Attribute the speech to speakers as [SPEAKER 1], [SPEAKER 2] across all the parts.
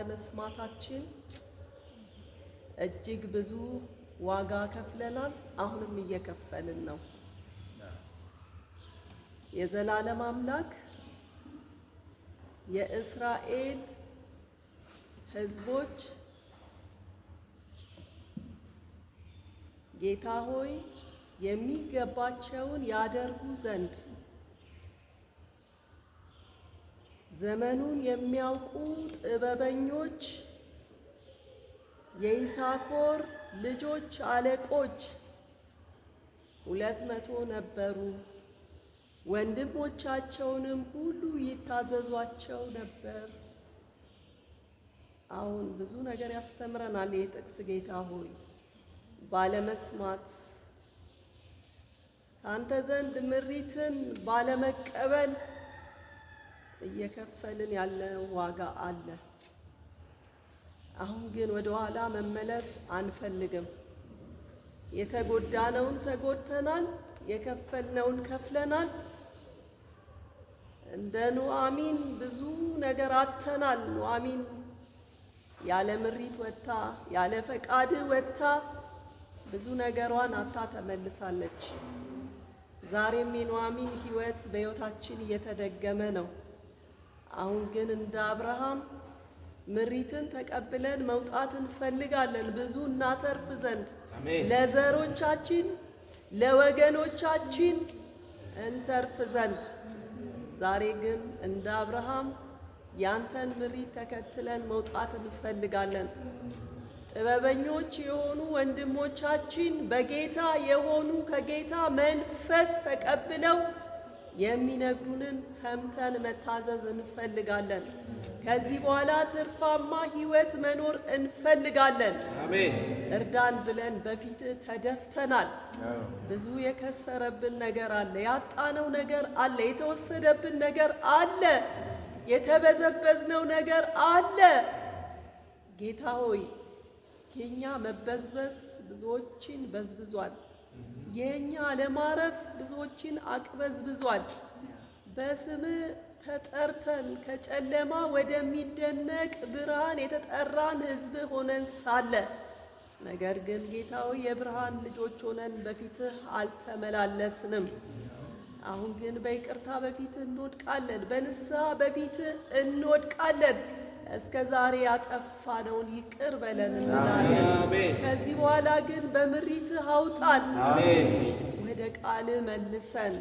[SPEAKER 1] ባለመስማታችን እጅግ ብዙ ዋጋ ከፍለናል። አሁንም እየከፈልን ነው። የዘላለም አምላክ የእስራኤል ሕዝቦች ጌታ ሆይ የሚገባቸውን ያደርጉ ዘንድ ዘመኑን የሚያውቁ ጥበበኞች የይሳኮር ልጆች አለቆች ሁለት መቶ ነበሩ። ወንድሞቻቸውንም ሁሉ ይታዘዟቸው ነበር። አሁን ብዙ ነገር ያስተምረናል ይህ ጥቅስ። ጌታ ሆይ ባለመስማት ካንተ ዘንድ ምሪትን ባለመቀበል እየከፈልን ያለ ዋጋ አለ። አሁን ግን ወደ ኋላ መመለስ አንፈልግም። የተጎዳነውን ተጎድተናል፣ የከፈልነውን ከፍለናል። እንደ ኑአሚን ብዙ ነገር አጥተናል። ኑአሚን ያለ ምሪት ወጥታ ያለ ፈቃድ ወጥታ ብዙ ነገሯን አታ ተመልሳለች። ዛሬም የኑአሚን ህይወት በሕይወታችን እየተደገመ ነው። አሁን ግን እንደ አብርሃም ምሪትን ተቀብለን መውጣት እንፈልጋለን፣ ብዙ እናተርፍ ዘንድ ለዘሮቻችን ለወገኖቻችን እንተርፍ ዘንድ። ዛሬ ግን እንደ አብርሃም ያንተን ምሪት ተከትለን መውጣት እንፈልጋለን። ጥበበኞች የሆኑ ወንድሞቻችን በጌታ የሆኑ ከጌታ መንፈስ ተቀብለው የሚነግሩንን ሰምተን መታዘዝ እንፈልጋለን። ከዚህ በኋላ ትርፋማ ሕይወት መኖር እንፈልጋለን። እርዳን ብለን በፊት ተደፍተናል። ብዙ የከሰረብን ነገር አለ፣ ያጣነው ነገር አለ፣ የተወሰደብን ነገር አለ፣ የተበዘበዝነው ነገር አለ። ጌታ ሆይ የእኛ መበዝበዝ ብዙዎችን በዝብዟል። የእኛ ለማረፍ ብዙዎችን አቅበዝብዟል። በስም ተጠርተን ከጨለማ ወደሚደነቅ ብርሃን የተጠራን ሕዝብ ሆነን ሳለ ነገር ግን ጌታው የብርሃን ልጆች ሆነን በፊትህ አልተመላለስንም። አሁን ግን በይቅርታ በፊትህ እንወድቃለን፣ በንስሐ በፊትህ እንወድቃለን። እስከ ዛሬ ያጠፋነውን ይቅር በለን እንላለን። ከዚህ በኋላ ግን በምሪትህ አውጣን፣ ወደ ቃል መልሰን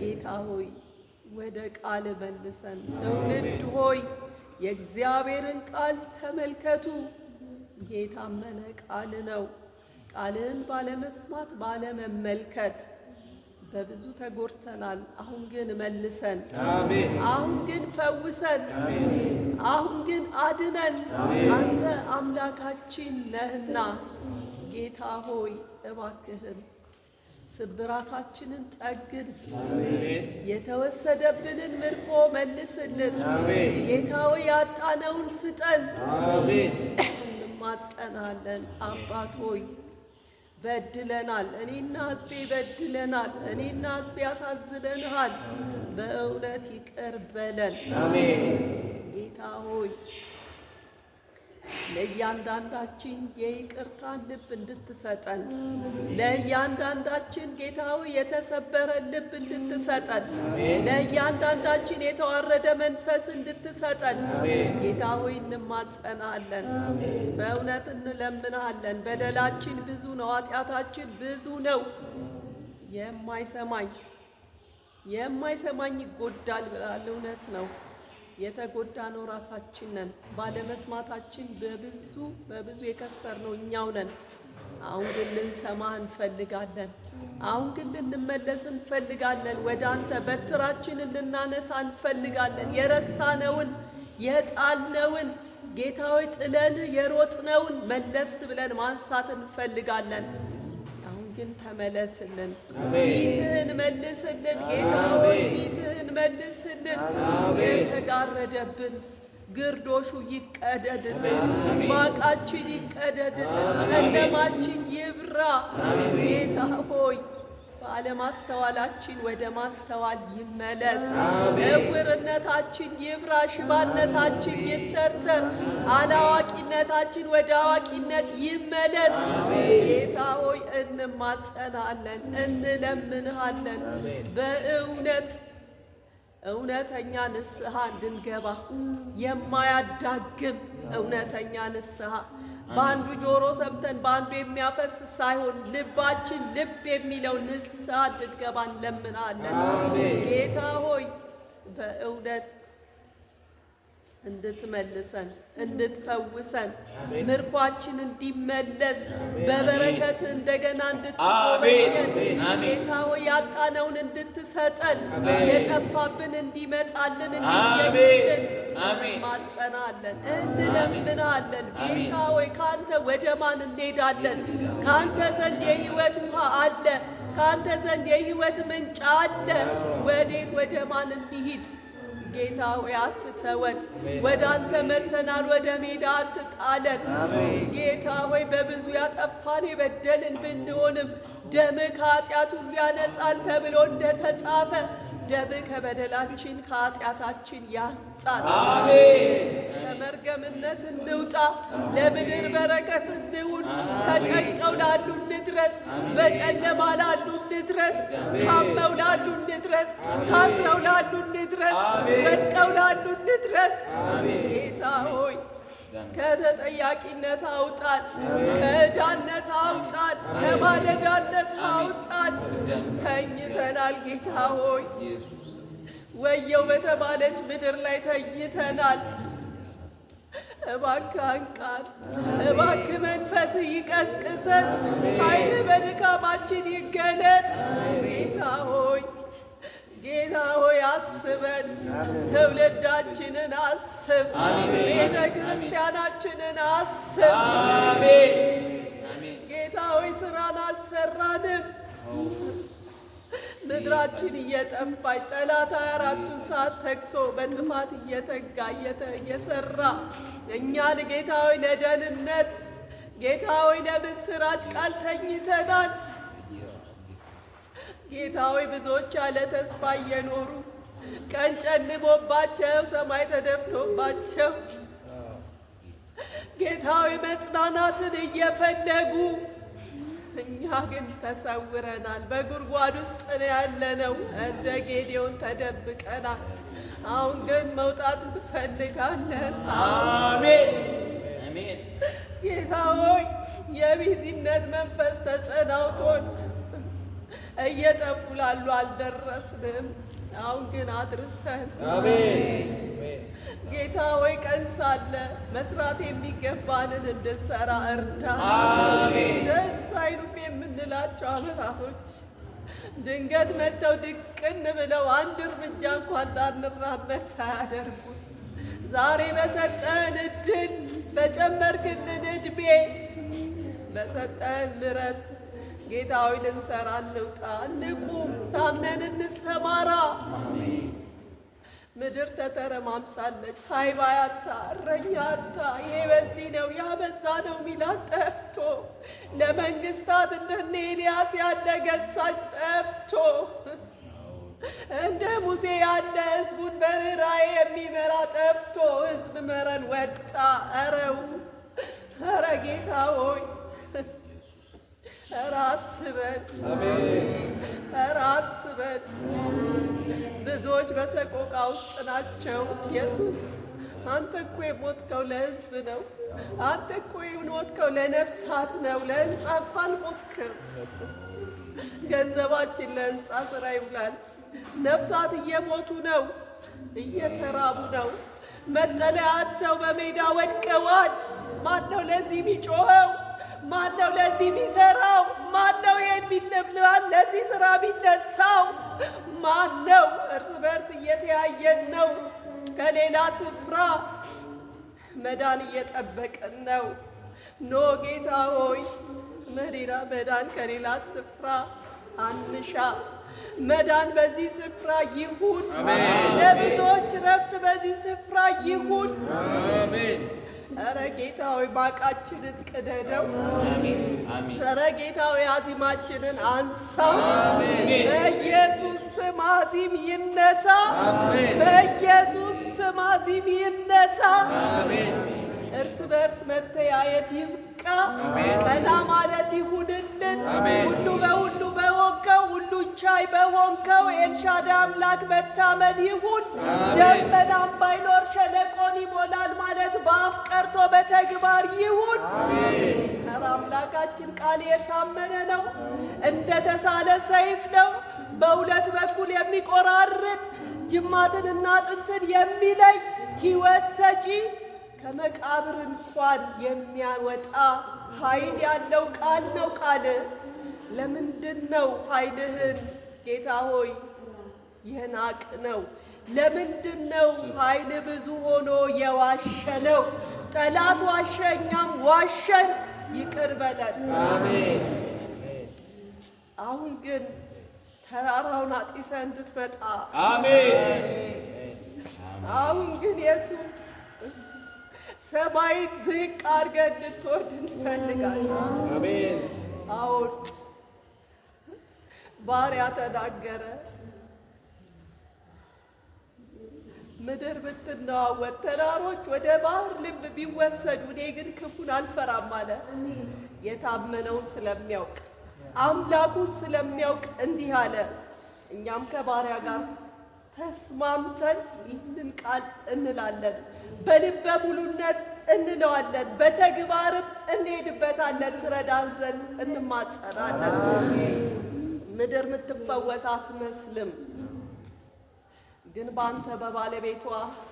[SPEAKER 1] ጌታ ሆይ ወደ ቃል መልሰን። ትውልድ ሆይ የእግዚአብሔርን ቃል ተመልከቱ። ይሄ የታመነ ቃል ነው። ቃልን ባለመስማት ባለመመልከት በብዙ ተጎድተናል። አሁን ግን መልሰን፣ አሁን ግን ፈውሰን፣ አሁን ግን አድነን አንተ አምላካችን ነህና ጌታ ሆይ እባክህን ስብራታችንን ጠግን፣ የተወሰደብንን ምርኮ መልስልን። ጌታ ሆይ ያጣነውን ስጠን። እንማጸናለን አባት ሆይ በድለናል እኔና ሕዝቤ በድለናል እኔና ሕዝቤ ያሳዝነንሃል። በእውነት ይቅር በለን ጌታ ሆይ ለእያንዳንዳችን የይቅርታን ልብ እንድትሰጠን ለእያንዳንዳችን ጌታዊ የተሰበረ ልብ እንድትሰጠን ለእያንዳንዳችን የተዋረደ መንፈስ እንድትሰጠን ጌታዊ እንማጸናለን። በእውነት እንለምናለን። በደላችን ብዙ ነው፣ ኃጢአታችን ብዙ ነው። የማይሰማኝ የማይሰማኝ ይጎዳል ብላል። እውነት ነው። የተጎዳ ነው ራሳችን ነን። ባለመስማታችን በብዙ በብዙ የከሰር ነው እኛው ነን። አሁን ግን ልንሰማ እንፈልጋለን። አሁን ግን ልንመለስ እንፈልጋለን። ወደ አንተ በትራችንን ልናነሳ እንፈልጋለን። የረሳነውን የጣልነውን ጌታዊ ጥለን የሮጥነውን መለስ ብለን ማንሳት እንፈልጋለን። ግን ተመለስልን፣ ፊትህን መልስልን ጌታ ፊትህን መልስልን። የተጋረደብን ግርዶሹ ይቀደድልን፣ ማቃችን ይቀደድልን፣ ጨለማችን ይብራ ጌታ ሆይ አለማስተዋላችን ወደ ማስተዋል ይመለስ። እውርነታችን ይብራ፣ ሽባነታችን ይተርተር፣ አላዋቂነታችን ወደ አዋቂነት ይመለስ። ጌታ ሆይ እንማጸናለን፣ እንለምንሃለን በእውነት እውነተኛ ንስሐ እንድንገባ የማያዳግም እውነተኛ ንስሐ በአንዱ ጆሮ ሰምተን በአንዱ የሚያፈስ ሳይሆን ልባችን ልብ የሚለው ንስሐ እንድንገባ እንለምናለን። ጌታ ሆይ በእውነት እንድትመልሰን እንድትፈውሰን ምርኳችን እንዲመለስ በበረከት እንደገና እንድትጎበኘን ጌታ ሆይ ያጣነውን እንድትሰጠን የጠፋብን እንዲመጣልን እንዲገኝልን እንማጸናለን፣ እንለምናለን። ጌታ ሆይ ከአንተ ወደ ማን እንሄዳለን? ከአንተ ዘንድ የህይወት ውሃ አለ። ከአንተ ዘንድ የህይወት ምንጭ አለ። ወዴት ወደ ማን እንሂድ? ጌታ ሆይ አትተወን፣ ወደ አንተ መተናል፣ ወደ ሜዳ አትጣለን። ጌታ ሆይ በብዙ ያጠፋን የበደልን ብንሆንም ደም ከኃጢአት ሁሉ ያነጻል ተብሎ እንደተጻፈ ደም ከበደላችን ከኃጢአታችን ያንጻል። ከመርገምነት እንውጣ፣ ለምድር በረከት እንሁን። ተጨንቀው ላሉ እንድረስ፣ በጨለማ ላሉ እንድረስ፣ ታመው ላሉ እንድረስ፣ ታስረው ላሉ እንድረስ፣ ወድቀው ላሉ እንድረስ። ጌታ ሆይ ከተጠያቂነት አውጣን፣ ከዕዳነት አውጣን፣ ከማለዳነት አውጣን። ተኝተናል ጌታ ሆይ ወየው በተባለች ምድር ላይ ተኝተናል። እባክህ አንቃት፣ እባክህ መንፈስ ይቀስቅሰን፣ ኃይል በድካማችን ይገለጥ። ጌታ ሆይ ጌታ ሆይ አስበን፣ ትውልዳችንን አስብ፣ ቤተ ክርስቲያናችንን አስብ። ጌታ ሆይ ስራን አልሰራንም ምድራችን እየጠፋች ጠላት ሀያ አራቱን ሰዓት ተግቶ በጥፋት እየተጋ እየሰራ እኛን ጌታዊ ሆይ ለደህንነት ጌታ ሆይ ለምስራች ቃል ተኝተናል። ጌታ ሆይ ብዙዎች ያለ ተስፋ እየኖሩ ቀን ጨልሞባቸው ሰማይ ተደፍቶባቸው ጌታ ሆይ መጽናናትን እየፈለጉ እኛ ግን ተሰውረናል። በጉድጓድ ውስጥ ነው ያለነው። እንደ ጌዴዎን ተደብቀናል። አሁን ግን መውጣት እንፈልጋለን። አሜን አሜን። ጌታ ሆይ የቢዚነት መንፈስ ተጨናውቶን እየጠፉ ላሉ አልደረስንም። አሁን ግን አድርሰን። አሜን ጌታ ሆይ ቀን ሳለ መስራት የሚገባንን እንድንሰራ እርዳ። በሚያስፈልጋቸው አመታቶች ድንገት መጥተው ድቅን ብለው አንድ እርምጃ እንኳን ዳንራበት ሳያደርጉ ዛሬ በሰጠን እድል በጨመርክልን እድሜ በሰጠን ምረት ጌታዊ ልንሰራ እንውጣ፣ እንቁም፣ ታምነን እንሰማራ። ምድር ተተረማምሳለች። ሀይባ ያታ እረኛ ያታ ይሄ በዚህ ነው ያበዛ ነው ሚላት ጠፍቶ ለመንግስታት እንደ ኤልያስ ያለ ገሳጭ ጠፍቶ እንደ ሙሴ ያለ ህዝቡን በርኅራኄ የሚመራ ጠፍቶ ህዝብ መረን ወጣ። አረው አረ ጌታ ሆይ አስበን አስበን። ብዙዎች በሰቆቃ ውስጥ ናቸው። ኢየሱስ አንተ እኮ የሞትከው ለሕዝብ ነው። አንተ እኮ የሞትከው ለነፍሳት ነው። ለህንፃ እኮ አልሞትክም። ገንዘባችን ለህንፃ ስራ ይውላል። ነፍሳት እየሞቱ ነው፣ እየተራቡ ነው። መጠለያ አጥተው በሜዳ ወድቀዋል። ማን ነው ለዚህ የሚጮኸው? ማነው ለዚህ ቢሰራው? ማነው ይሄን ቢንብልባል? ለዚህ ስራ ቢነሳው ማነው? እርስ በእርስ እየተያየን ነው። ከሌላ ስፍራ መዳን እየጠበቅን ነው። ኖ ጌታ ሆይ መሪራ መዳን ከሌላ ስፍራ አንሻ። መዳን በዚህ ስፍራ ይሁን። ለብዙዎች ረፍት በዚህ ስፍራ ይሁን። አሜን። ኧረ ጌታዊ ባቃችንን ቅደደው። ኧረ ጌታዊ አዚማችንን አንሳው። በኢየሱስ ስም አዚም ይነሳ። በኢየሱስ ስም አዚም ይነሳ። እርስ በእርስ መተያየት ይብቃ። ቀና ማለት ይሁንልን። ሁሉ በሁሉ በሆንከው ሁሉ ቻይ በሆንከው ኤልሻዳ አምላክ መታመን ይሁን። ደመናም ባይኖር ሸለቆን ይሞላል ማለት በአፍ በተግባር ይሁን። ኧረ አምላካችን ቃል የታመነ ነው፣ እንደ ተሳለ ሰይፍ ነው። በሁለት በኩል የሚቆራርጥ ጅማትንና ጥንትን የሚለይ ሕይወት ሰጪ ከመቃብር እንኳን የሚያወጣ ኃይል ያለው ቃል ነው። ቃል ለምንድን ነው ኃይልህን ጌታ ሆይ የናቅ ነው። ለምንድን ነው ኃይል ብዙ ሆኖ የዋሸ ነው! ጠላት ዋሸ፣ እኛም ዋሸን፣ ይቅር በለን። አሁን ግን ተራራውን አጢሰህ እንድትመጣ አሁን ግን ኢየሱስ ሰማይን ዝቅ አድርገህ እንድትወርድ እንፈልጋለን። አዎን ባሪያ ተናገረ። ምድር ብትናወጥ ተራሮች ወደ ባህር ልብ ቢወሰዱ እኔ ግን ክፉን አልፈራም አለ። የታመነውን ስለሚያውቅ አምላኩን ስለሚያውቅ እንዲህ አለ። እኛም ከባሪያ ጋር ተስማምተን ይህንን ቃል እንላለን፣ በልበ ሙሉነት እንለዋለን፣ በተግባርም እንሄድበታለን። ትረዳን ዘንድ እንማጸናለን። ምድር የምትፈወስ አትመስልም። ግን በአንተ በባለቤቷ